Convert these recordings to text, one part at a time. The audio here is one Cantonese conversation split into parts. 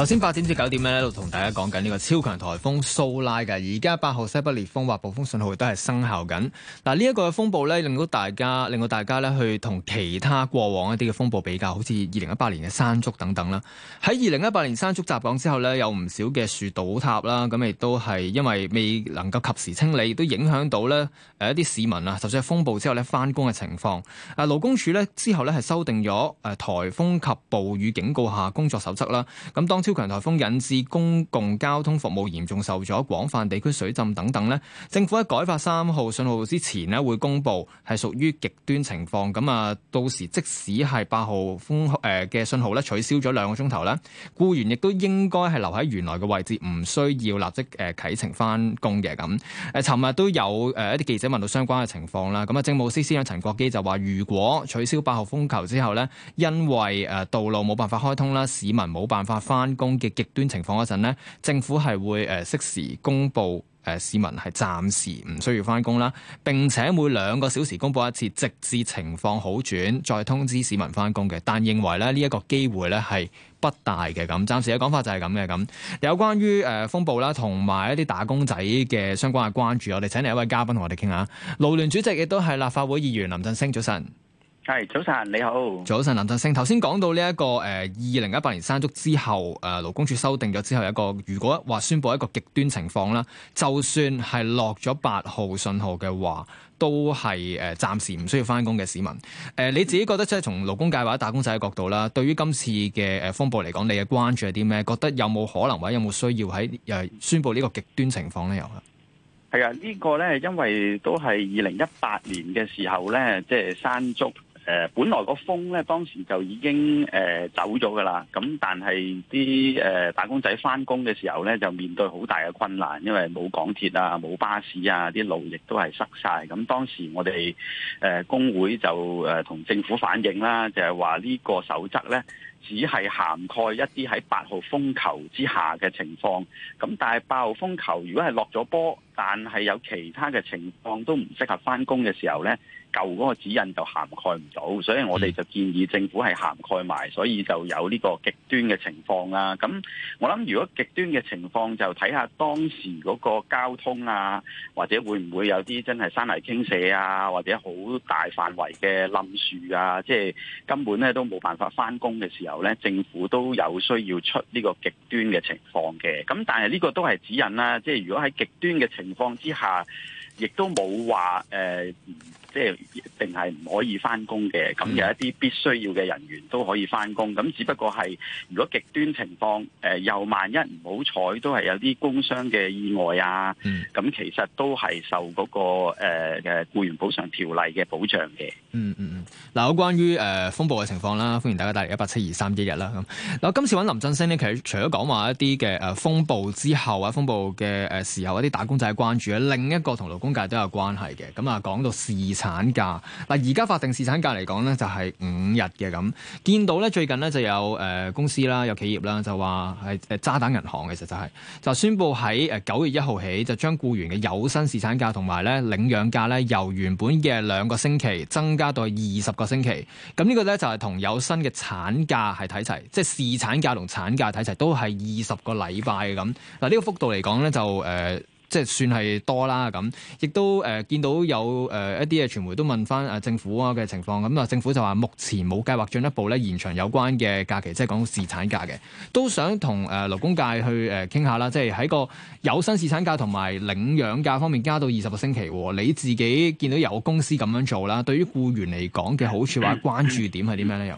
頭先八點至九點咧，喺度同大家講緊呢個超強颱風蘇拉嘅。而家八號西北烈風或暴風信號亦都係生效緊。嗱，呢一個風暴咧令到大家，令到大家咧去同其他過往一啲嘅風暴比較，好似二零一八年嘅山竹等等啦。喺二零一八年山竹襲港之後咧，有唔少嘅樹倒塌啦，咁亦都係因為未能夠及時清理，亦都影響到咧一啲市民啊，就算係風暴之後咧返工嘅情況。啊，勞工處咧之後咧係修訂咗誒颱風及暴雨警告下工作守則啦。咁當超強颱風引致公共交通服務嚴重受阻、廣泛地區水浸等等咧，政府喺改發三號信號之前咧，會公佈係屬於極端情況。咁啊，到時即使係八號風誒嘅信號咧取消咗兩個鐘頭咧，僱員亦都應該係留喺原來嘅位置，唔需要立即誒啟程翻工嘅咁。誒，尋日都有誒一啲記者問到相關嘅情況啦。咁啊，政務司司長陳國基就話，如果取消八號風球之後呢，因為誒道路冇辦法開通啦，市民冇辦法翻工嘅極端情況嗰陣呢，政府係會誒適時公布誒市民係暫時唔需要翻工啦，並且每兩個小時公布一次，直至情況好轉再通知市民翻工嘅。但認為咧呢一個機會呢係不大嘅，咁，暫時嘅講法就係咁嘅，咁。有關於誒風暴啦，同埋一啲打工仔嘅相關嘅關注，我哋請嚟一位嘉賓同我哋傾下。勞聯主席亦都係立法會議員林振昇，早晨。係早晨，你好。早晨，林振昇，頭先講到呢、這、一個誒，二零一八年山竹之後誒，勞工處修訂咗之後，呃、之後一個如果話宣布一個極端情況啦，就算係落咗八號信號嘅話，都係誒、呃、暫時唔需要返工嘅市民。誒、呃，你自己覺得即係從勞工界或者打工仔嘅角度啦，對於今次嘅誒風暴嚟講，你嘅關注係啲咩？覺得有冇可能或者有冇需要喺誒、呃、宣布呢個極端情況咧？又啊，係、這、啊、個，呢個咧因為都係二零一八年嘅時候咧，即係山竹。誒，本來個風咧當時就已經誒、呃、走咗噶啦，咁但係啲誒打工仔翻工嘅時候咧，就面對好大嘅困難，因為冇港鐵啊，冇巴士啊，啲路亦都係塞晒。咁當時我哋誒、呃、工會就誒同、呃、政府反映啦，就係話呢個守則咧，只係涵蓋一啲喺八號風球之下嘅情況。咁但係八號風球如果係落咗波，但係有其他嘅情況都唔適合翻工嘅時候咧，舊嗰個指引就涵蓋唔到，所以我哋就建議政府係涵蓋埋，所以就有呢個極端嘅情況啦。咁我諗，如果極端嘅情況就睇下當時嗰個交通啊，或者會唔會有啲真係山泥傾瀉啊，或者好大範圍嘅冧樹啊，即係根本咧都冇辦法翻工嘅時候呢，政府都有需要出呢個極端嘅情況嘅。咁但係呢個都係指引啦，即係如果喺極端嘅情況之下，亦都冇話誒、呃即係一定係唔可以翻工嘅，咁有一啲必須要嘅人員都可以翻工，咁、嗯、只不過係如果極端情況，誒、呃、又萬一唔好彩，都係有啲工傷嘅意外啊，咁、嗯、其實都係受嗰、那個誒嘅僱員補償條例嘅保障嘅。嗯嗯嗯，嗱、嗯，我、嗯、關於誒、呃、風暴嘅情況啦，歡迎大家打嚟一八七二三一一啦。咁、嗯、嗱，今次揾林振昇呢，其實除咗講話一啲嘅誒風暴之後，啊風暴嘅誒時候，一啲打工仔關注，另一個同勞工界都有關係嘅，咁啊講到事。產假嗱，而家法定侍產假嚟講咧，就係五日嘅咁。見到咧，最近咧就有誒公司啦，有企業啦，就話係誒渣打銀行嘅，其實就係就宣布喺誒九月一號起，就將僱員嘅有薪侍產假同埋咧領養假咧，由原本嘅兩個星期增加到二十個星期。咁呢個咧就係同有薪嘅產假係睇齊，即係侍產假同產假睇齊都係二十個禮拜嘅咁。嗱，呢個幅度嚟講咧就誒。呃。即係算係多啦咁，亦都誒見到有誒一啲嘅傳媒都問翻政府嘅情況咁啊，政府就話目前冇計劃進一步咧延長有關嘅假期，即係講侍產假嘅，都想同誒勞工界去誒傾下啦，即係喺個有薪侍產假同埋領養假方面加到二十個星期。你自己見到有公司咁樣做啦，對於僱員嚟講嘅好處或者關注點係點樣咧？又？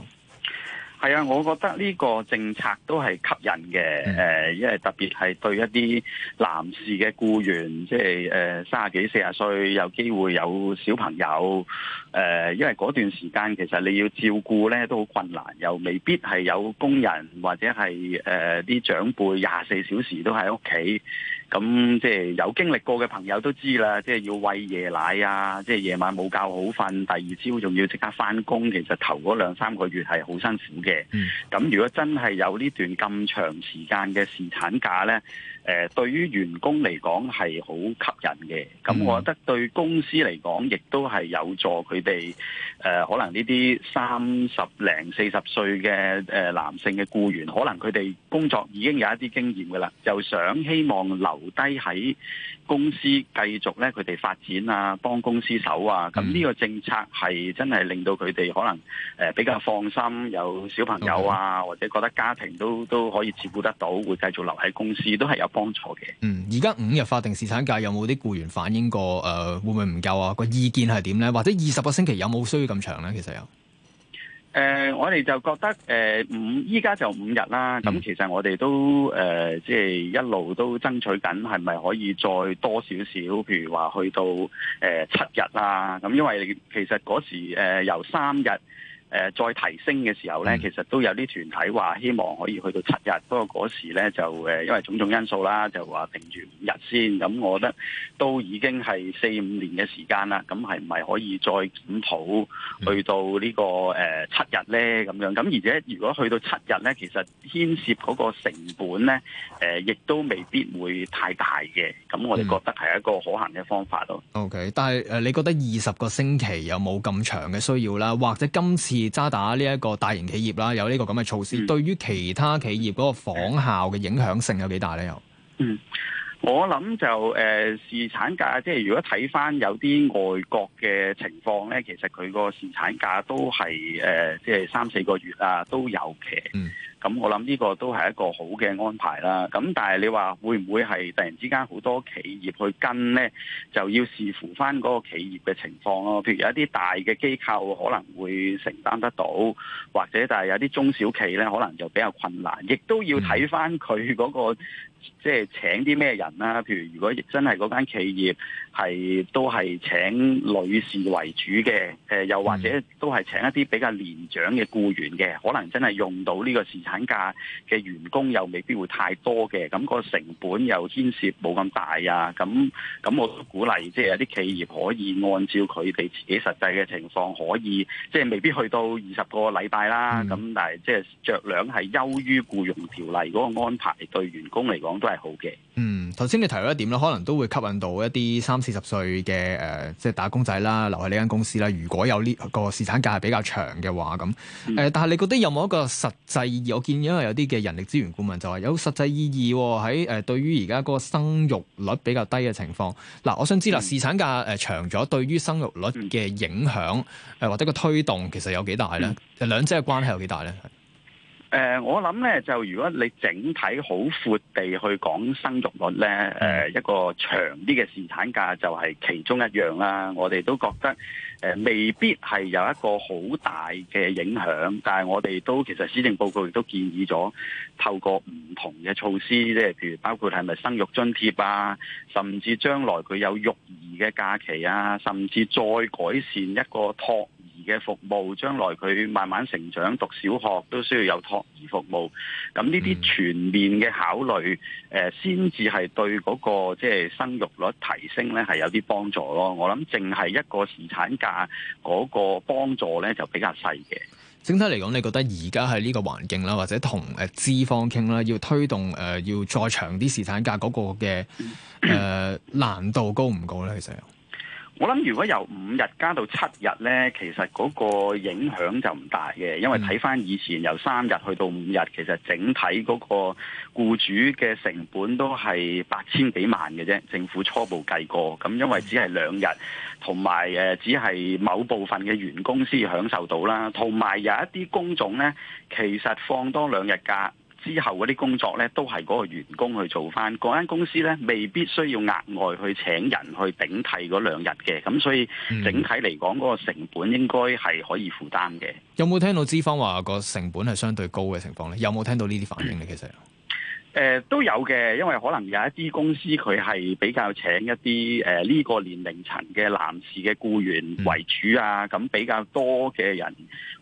係啊，我覺得呢個政策都係吸引嘅，誒、呃，因為特別係對一啲男士嘅僱員，即係誒三十幾四十歲，有機會有小朋友，誒、呃，因為嗰段時間其實你要照顧咧都好困難，又未必係有工人或者係誒啲長輩廿四小時都喺屋企。咁即係有經歷過嘅朋友都知啦，即係要餵夜奶啊，即係夜晚冇覺好瞓，第二朝仲要即刻翻工，其實頭嗰兩三個月係好辛苦嘅。咁、嗯、如果真係有呢段咁長時間嘅侍產假咧，誒、呃、對於員工嚟講係好吸引嘅，咁我覺得對公司嚟講亦都係有助佢哋誒，可能呢啲三十零四十歲嘅、呃、男性嘅僱員，可能佢哋工作已經有一啲經驗噶啦，就想希望留低喺公司繼續咧佢哋發展啊，幫公司手啊，咁呢個政策係真係令到佢哋可能、呃、比較放心，有小朋友啊，Okay. 或者覺得家庭都都可以照顧得到，會繼續留喺公司，都係有。幫助嘅。嗯，而家五日法定侍產假有冇啲僱員反映過？誒、呃，會唔會唔夠啊？個意見係點咧？或者二十個星期有冇需要咁長咧？其實有、呃。誒，我哋就覺得誒五，依、呃、家就五日啦。咁、嗯、其實我哋都誒，即、呃、係、就是、一路都在爭取緊，係咪可以再多少少？譬如話去到誒、呃、七日啦。咁因為其實嗰時誒、呃、由三日。誒、呃、再提升嘅時候呢，其實都有啲團體話希望可以去到七日，不過嗰時呢就誒、呃、因為種種因素啦，就話停住五日先。咁我覺得都已經係四五年嘅時間啦，咁係唔係可以再檢討去到呢、這個誒、呃、七日呢？咁樣咁，而且如果去到七日呢，其實牽涉嗰個成本呢，誒、呃、亦都未必會太大嘅。咁我哋覺得係一個可行嘅方法咯、啊。OK，但係、呃、你覺得二十個星期有冇咁長嘅需要啦？或者今次？而渣打呢一個大型企業啦，有呢個咁嘅措施、嗯，對於其他企業嗰個仿效嘅影響性有幾大咧？又嗯，我諗就誒、呃，侍產假即係如果睇返有啲外國嘅情況咧，其實佢個侍產假都係誒、呃，即係三四個月啊都有嘅。嗯咁我諗呢個都係一個好嘅安排啦。咁但係你話會唔會係突然之間好多企業去跟呢？就要視乎翻嗰個企業嘅情況咯。譬如有一啲大嘅機構可能會承擔得到，或者但係有啲中小企呢可能就比較困難。亦都要睇翻佢嗰個。即、就、係、是、請啲咩人啦、啊？譬如如果真係嗰間企業係都係請女士為主嘅，誒、呃，又或者都係請一啲比較年長嘅僱員嘅，可能真係用到呢個侍產假嘅員工又未必會太多嘅，咁、那個成本又牽涉冇咁大啊。咁咁我都鼓勵，即係有啲企業可以按照佢哋自己實際嘅情況，可以即係、就是、未必去到二十個禮拜啦。咁但係即係着量係優於僱傭條例嗰、那個安排對員工嚟講。都係好嘅。嗯，頭先你提到一點啦，可能都會吸引到一啲三四十歲嘅誒，即係打工仔啦，留喺呢間公司啦。如果有呢個侍產假係比較長嘅話，咁誒、嗯呃，但係你覺得有冇一個實際意義？我見因為有啲嘅人力資源顧問就話有實際意義喺、哦、誒、呃，對於而家個生育率比較低嘅情況。嗱、呃，我想知啦、嗯，侍產假誒長咗，對於生育率嘅影響誒、嗯呃、或者個推動，其實有幾大咧？兩、嗯、者嘅關係有幾大咧？誒、呃，我諗咧，就如果你整體好闊地去講生育率咧，誒、呃、一個長啲嘅侍產假就係其中一樣啦。我哋都覺得誒、呃、未必係有一個好大嘅影響，但係我哋都其實施政報告亦都建議咗透過唔同嘅措施，即係譬如包括係咪生育津貼啊，甚至將來佢有育兒嘅假期啊，甚至再改善一個托嘅服務，將來佢慢慢成長，讀小學都需要有托兒服務，咁呢啲全面嘅考慮，誒先至係對嗰個即係生育率提升咧係有啲幫助咯。我諗淨係一個侍產假嗰個幫助咧就比較細嘅。整體嚟講，你覺得而家喺呢個環境啦，或者同誒資方傾啦，要推動誒、呃、要再長啲侍產假嗰個嘅誒、呃、 難度高唔高咧？其實。我諗，如果由五日加到七日呢，其實嗰個影響就唔大嘅，因為睇翻以前由三日去到五日，其實整體嗰個僱主嘅成本都係八千幾萬嘅啫。政府初步計過，咁因為只係兩日，同埋誒，只係某部分嘅員工先享受到啦，同埋有一啲工種呢，其實放多兩日假。之後嗰啲工作呢，都係嗰個員工去做返，嗰間公司呢，未必需要額外去請人去頂替嗰兩日嘅，咁所以整體嚟講，嗰個成本應該係可以負擔嘅。嗯。有冇聽到資方話個成本係相對高嘅情況呢？有冇聽到呢啲反應呢？其、嗯、實？誒，都有嘅，因為可能有一啲公司佢係比較請一啲誒呢個年齡層嘅男士嘅僱員為主啊，咁比較多嘅人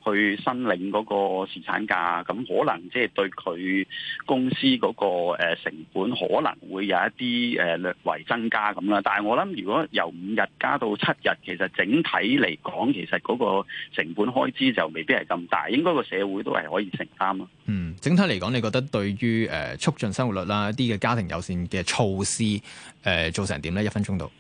去申領嗰個侍產假，咁可能即係對佢公司嗰個誒成本可能會有一啲誒略為增加咁啦。但係我諗，如果由五日加到七日，其實整體嚟講，其實嗰個成本開支就未必係咁大，應該個社會都係可以承擔咯。嗯，整體嚟講，你覺得對於誒促。呃進生活率啦，一啲嘅家庭友善嘅措施，誒做成點咧？一分鐘度。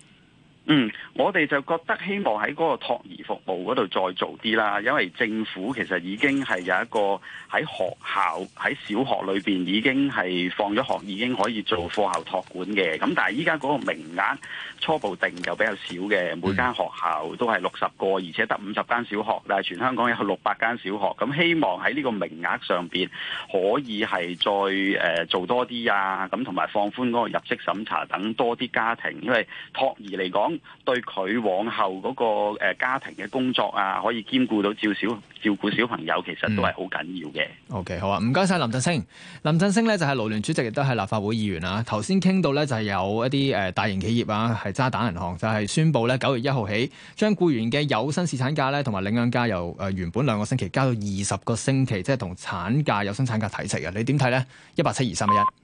嗯，我哋就覺得希望喺嗰個托兒服務嗰度再做啲啦，因為政府其實已經係有一個喺學校喺小學裏邊已經係放咗學已經可以做課後托管嘅，咁但係依家嗰個名額初步定就比較少嘅，每間學校都係六十個，而且得五十間小學，但係全香港有六百間小學，咁希望喺呢個名額上邊可以係再誒、呃、做多啲啊，咁同埋放寬嗰個入息審查，等多啲家庭，因為托兒嚟講。對佢往後嗰個誒家庭嘅工作啊，可以兼顧到照小照顧小朋友，其實都係好緊要嘅、嗯。OK，好啊，唔該晒林振昇，林振昇咧就係勞聯主席，亦都係立法會議員啊。頭先傾到咧就係有一啲誒大型企業啊，係渣打銀行，就係、是、宣布咧九月一號起，將僱員嘅有薪侍產假咧同埋領養假由誒原本兩個星期加到二十個星期，即係同產假有薪產假睇齊啊。你點睇咧？一百七二三一一。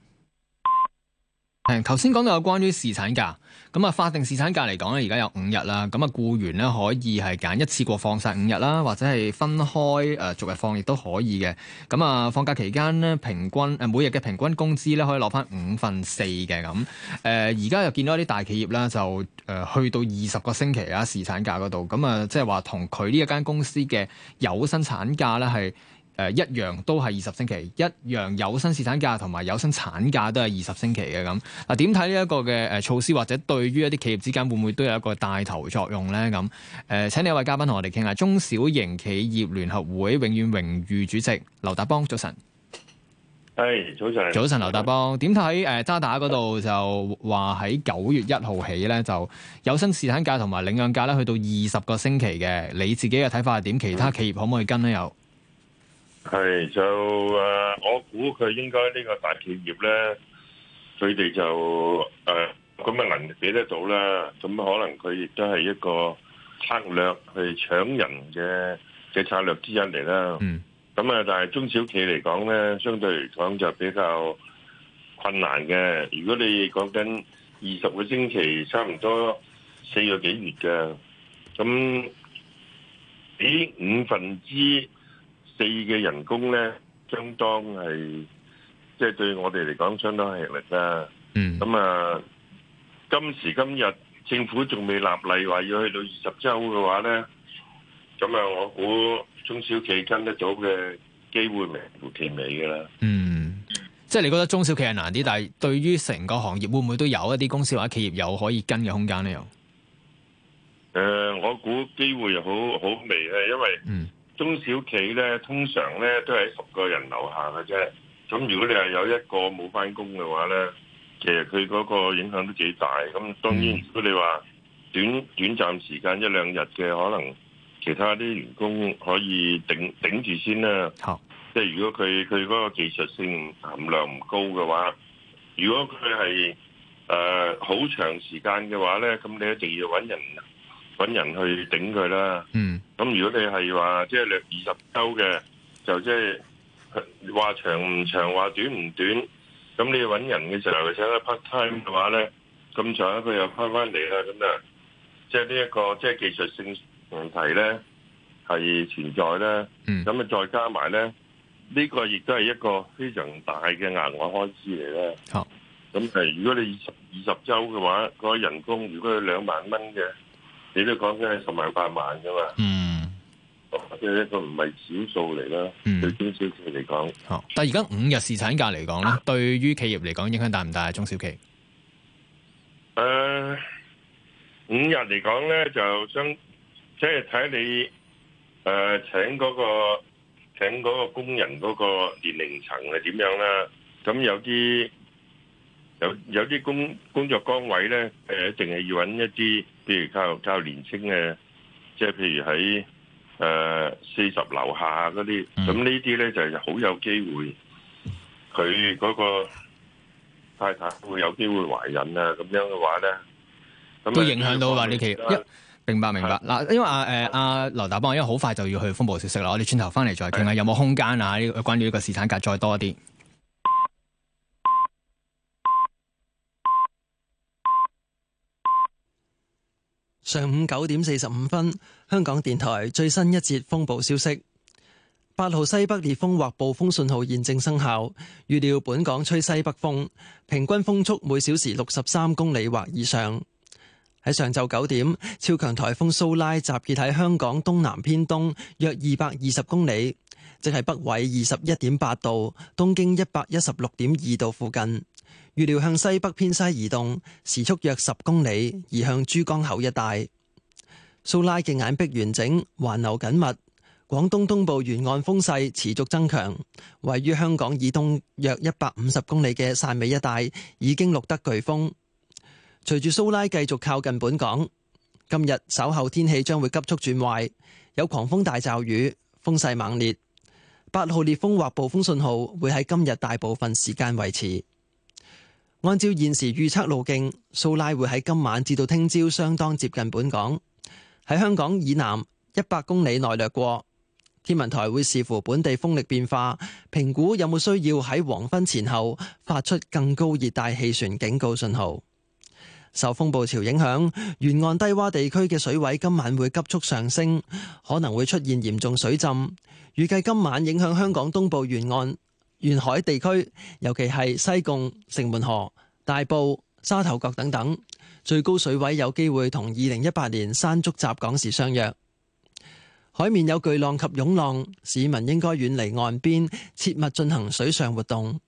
誒，頭先講到有關於侍產假，咁啊法定侍產假嚟講咧，而家有五日啦，咁啊僱員咧可以係揀一次過放晒五日啦，或者係分開誒逐日放亦都可以嘅。咁啊，放假期間咧平均誒每日嘅平均工資咧可以攞翻五分四嘅咁。誒而家又見到一啲大企業啦，就誒去到二十個星期啊侍產假嗰度，咁啊即係話同佢呢一間公司嘅有生產假咧係。誒一樣都係二十星期，一樣有薪侍產假同埋有薪產假都係二十星期嘅咁嗱。點睇呢一個嘅誒措施，或者對於一啲企業之間會唔會都有一個帶頭作用咧？咁誒，請另一位嘉賓同我哋傾下中小型企業聯合會永遠榮譽主席劉達邦，早晨。係、hey, 早晨，早晨劉達邦點睇？誒、呃，渣打嗰度就話喺九月一號起咧，就有薪侍產假同埋領養假咧，去到二十個星期嘅。你自己嘅睇法係點？其他企業可唔可以跟呢？又、嗯？係就誒，我估佢應該呢個大企業咧，佢哋就誒咁嘅能力俾得到啦。咁可能佢亦都係一個策略去搶人嘅嘅策略之一嚟啦。咁、嗯、啊，但係中小企嚟講咧，相對嚟講就比較困難嘅。如果你講緊二十個星期，差唔多四個幾月嘅，咁俾五分之。四嘅人工咧，相當係即係對我哋嚟講相當係壓力啦。嗯，咁啊，今時今日政府仲未立例話要去到二十周嘅話咧，咁啊，我估中小企跟得到嘅機會微乎其微嘅啦。嗯，即係你覺得中小企係難啲，但係對於成個行業會唔會都有一啲公司或者企業有可以跟嘅空間咧？又、呃、誒，我估機會又好好微嘅，因為嗯。中小企咧，通常咧都係十個人樓下嘅啫。咁如果你係有一個冇返工嘅話咧，其實佢嗰個影響都幾大。咁當然，如果你話短短暫時間一兩日嘅，可能其他啲員工可以頂頂住先啦。即係如果佢佢嗰個技術性含量唔高嘅話，如果佢係誒好長時間嘅話咧，咁你一定要搵人搵人去頂佢啦。嗯。咁如果你係話即係兩二十週嘅，就即係話長唔長話短唔短，咁你揾人嘅時候，請開 part time 嘅話呢，咁長一個又翻翻嚟啦，咁啊、這個，即係呢一個即係技術性問題呢，係存在呢。咁啊再加埋呢，呢個亦都係一個非常大嘅額外開支嚟呢。咁如果你二十二十週嘅話，嗰人工如果有兩萬蚊嘅，你都講緊係十萬八萬噶嘛。Mm. 即係一個唔係少數嚟啦，對中小企嚟講。但係而家五日侍產假嚟講咧，對於企業嚟講影響大唔大？中小企誒、呃，五日嚟講咧，就想即係睇你誒、呃，請嗰、嗰個請嗰個工人嗰個年齡層係點樣啦？咁有啲有有啲工工作崗位咧，誒、呃，淨係要搵一啲，譬如靠靠年青嘅，即係譬如喺。誒、呃，四十樓下嗰啲，咁、嗯、呢啲咧就係、是、好有機會，佢嗰個太太會有機會懷孕啊！咁樣嘅話咧，都影響到啊！呢期一明白明白嗱，因為啊誒阿劉達邦，因為好快就要去風暴消息啦，我哋轉頭翻嚟再傾下，有冇空間啊？呢關於呢個侍產假再多啲。上午九點四十五分，香港電台最新一節風暴消息：八號西北烈風或暴風信號現正生效，預料本港吹西北風，平均風速每小時六十三公里或以上。喺上晝九點，超強台風蘇拉集結喺香港東南偏東約二百二十公里，即係北緯二十一點八度，東經一百一十六點二度附近。預料向西北偏西移動，時速約十公里，移向珠江口一帶。蘇拉嘅眼壁完整，環流緊密。廣東東部沿岸風勢持續增強。位於香港以東約一百五十公里嘅汕尾一帶已經錄得颶風。隨住蘇拉繼續靠近本港，今日稍後天氣將會急速轉壞，有狂風大驟雨，風勢猛烈。八號烈風或暴風信號會喺今日大部分時間維持。按照現時預測路徑，蘇拉會喺今晚至到聽朝相當接近本港，喺香港以南一百公里內掠過。天文台會視乎本地風力變化，評估有冇需要喺黃昏前後發出更高熱帶氣旋警告信號。受風暴潮影響，沿岸低窪地區嘅水位今晚會急速上升，可能會出現嚴重水浸。預計今晚影響香港東部沿岸。沿海地區，尤其係西貢、城門河、大埔、沙頭角等等，最高水位有機會同二零一八年山竹襲港時相若。海面有巨浪及湧浪，市民應該遠離岸邊，切勿進行水上活動。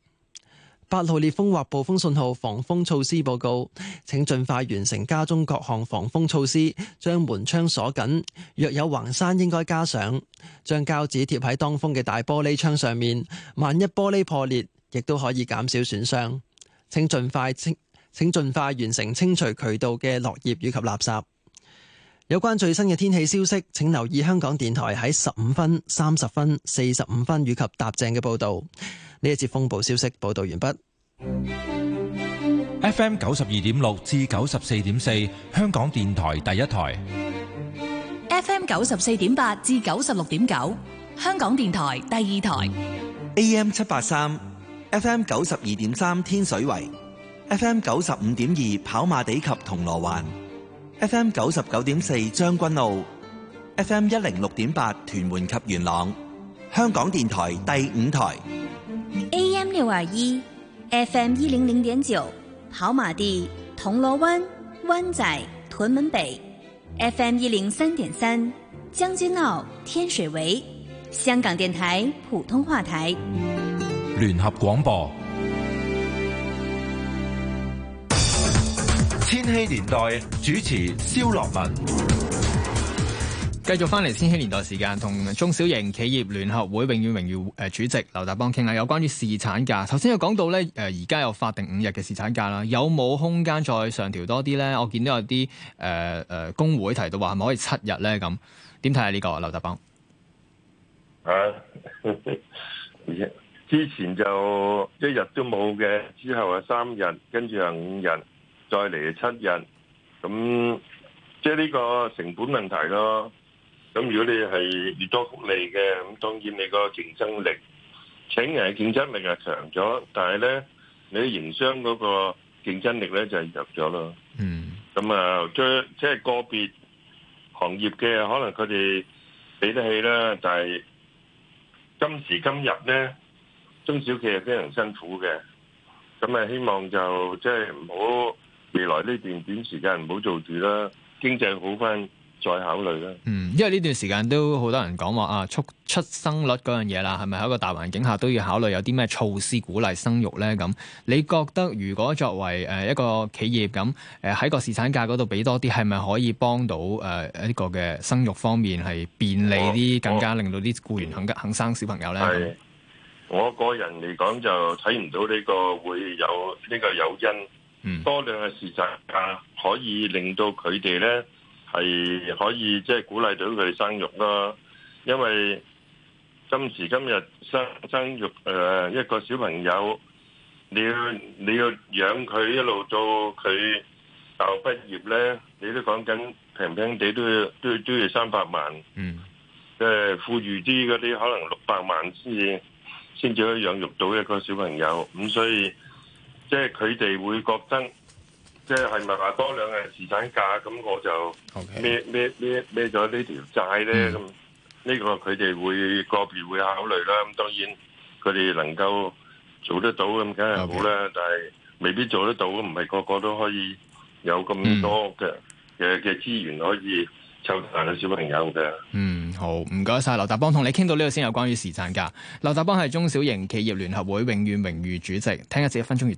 八號烈風或暴風信號防風措施報告，請盡快完成家中各項防風措施，將門窗鎖緊，若有橫閂應該加上，將膠紙貼喺當風嘅大玻璃窗上面，萬一玻璃破裂，亦都可以減少損傷。請盡快清，請盡快完成清除渠道嘅落葉以及垃圾。有關最新嘅天氣消息，請留意香港電台喺十五分、三十分、四十五分以及踏正嘅報道。呢一節風暴消息報道完畢。FM 九十二點六至九十四點四，香港電台第一台；FM 九十四點八至九十六點九，香港電台第二台；AM 七八三，FM 九十二點三天水圍；FM 九十五點二跑馬地及銅鑼灣。F M 九十九點四將軍澳，F M 一零六點八屯門及元朗，香港電台第五台，A M 六二一，F M 一零零點九跑馬地、銅鑼灣、灣仔、屯門北，F M 一零三點三將軍澳天水圍，香港電台普通話台，聯合廣播。千禧年代主持蕭樂文，繼續翻嚟千禧年代時間，同中小型企業聯合會永遠榮譽誒主席劉達邦傾下有關於侍產假，頭先有講到咧，誒而家有法定五日嘅侍產假啦，有冇空間再上調多啲咧？我見到有啲誒誒工會提到話係咪可以七日咧？咁點睇下呢個劉達邦啊， 之前就一日都冇嘅，之後係三日，跟住係五日。再嚟七日，咁即係呢個成本問題咯。咁如果你係越多福利嘅，咁當然你個競爭力，請人嘅競爭力就強咗，但係咧，你營商嗰個競爭力咧就係弱咗咯。嗯、mm.，咁啊，即係即係個別行業嘅，可能佢哋俾得起啦，但係今時今日咧，中小企係非常辛苦嘅，咁啊，希望就即係唔好。就是未來呢段短時間唔好做住啦，經濟好返再考慮啦。嗯，因為呢段時間都好多人講話啊出，出生率嗰樣嘢啦，係咪喺個大環境下都要考慮有啲咩措施鼓勵生育咧？咁你覺得如果作為誒一個企業咁誒喺個侍產假嗰度俾多啲，係咪可以幫到誒一、呃這個嘅生育方面係便利啲，更加令到啲僱員肯肯生小朋友咧？係，我個人嚟講就睇唔到呢個會有呢、這個有因。Mm. 多兩嘅侍產假，可以令到佢哋咧係可以即係、就是、鼓勵到佢哋生育咯、啊。因為今時今日生生育誒、呃、一個小朋友，你要你要養佢一路到佢大學畢業咧，你都講緊平平地都要都要都要三百萬。嗯，即係富裕啲嗰啲可能六百萬先至先至可以養育到一個小朋友。咁所以。即係佢哋會覺得，即係係咪話多兩日侍產假咁？我就孭咩咩咩咗呢條債咧咁。呢個佢哋會個別會考慮啦。咁當然佢哋能夠做得到咁，梗係好啦。Okay. 但係未必做得到，唔係個個都可以有咁多嘅嘅嘅資源可以湊大個小朋友嘅。嗯，好唔該晒。劉達邦同你傾到呢度先，有關於侍產假。劉達邦係中小型企業聯合會永遠榮譽主席，聽一次一分鐘